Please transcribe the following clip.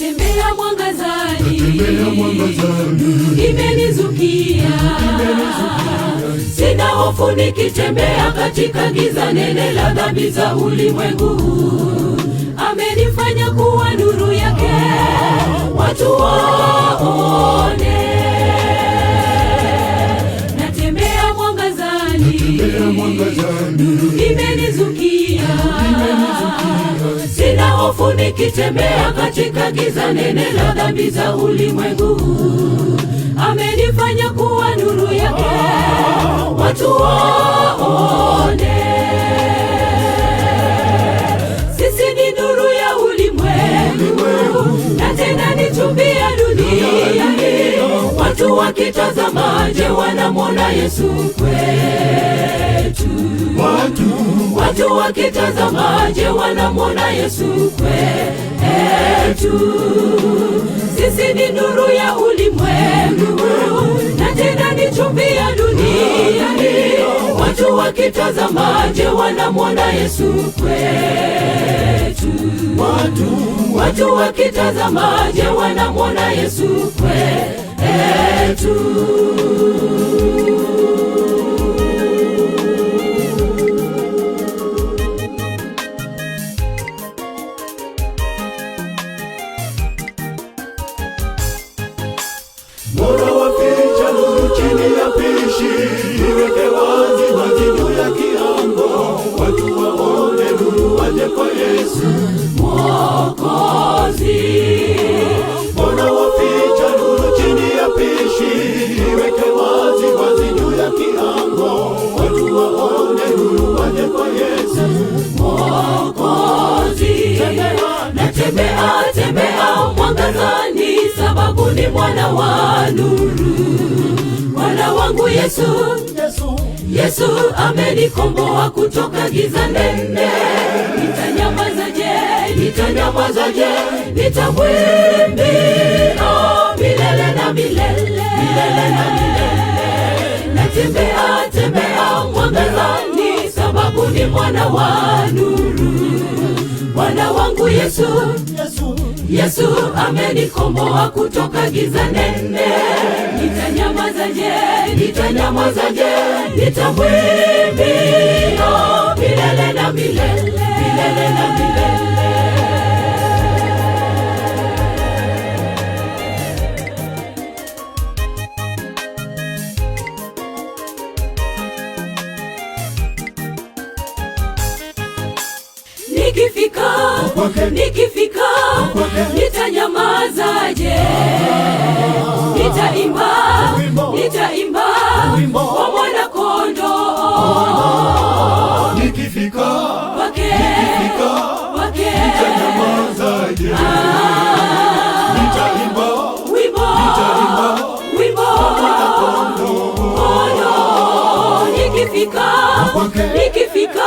Tembea Mwangazani, tembea imenizukia, sina hofu nikitembea katika giza nene la dhambi za ulimwengu. Amenifanya kuwa nuru yake, watu waone. Natembea Mwangazani, imenizukia Sina hofu nikitembea katika giza nene la dhambi za ulimwengu, amenifanya kuwa nuru yake watu waone. watu wakitazama, je, wanamwona Yesu kwetu? Watu, watu wakitazama, je, wanamwona Yesu kwetu? Sisi ni nuru ya ulimwengu na tena ni chumvi ya dunia. Watu wakitazama, je, wanamwona Yesu kwetu? Watu, watu wakitazama, je, wanamwona Yesu kwetu? yetu. Bora waficha nuru ya pishi, iweke wazi ya kiango, watu waone nuru kwa Yesu mwako natembea tembea mwangazani, sababu ni mwana wa nuru. Mwana wangu Yesu, Yesu Yesu amenikomboa kutoka giza nene. Nitanyamazaje? Nitanyamazaje? Nitamwimbia oh, milele na milele, milele na milele. Natembea tembea mwangazani, sababu ni mwana wa nuru Bwana wangu Yesu, Yesu, Yesu amenikomboa kutoka giza nene. Nitanyamazaje? Nitanyamazaje? Nitamwimbia milele na milele. nikifika nikifika nitanyamazaje? Nitaimba nitaimba kwa mwana ah. kondoo nikifika kwake nitanyamazaje? nikifika, nikifika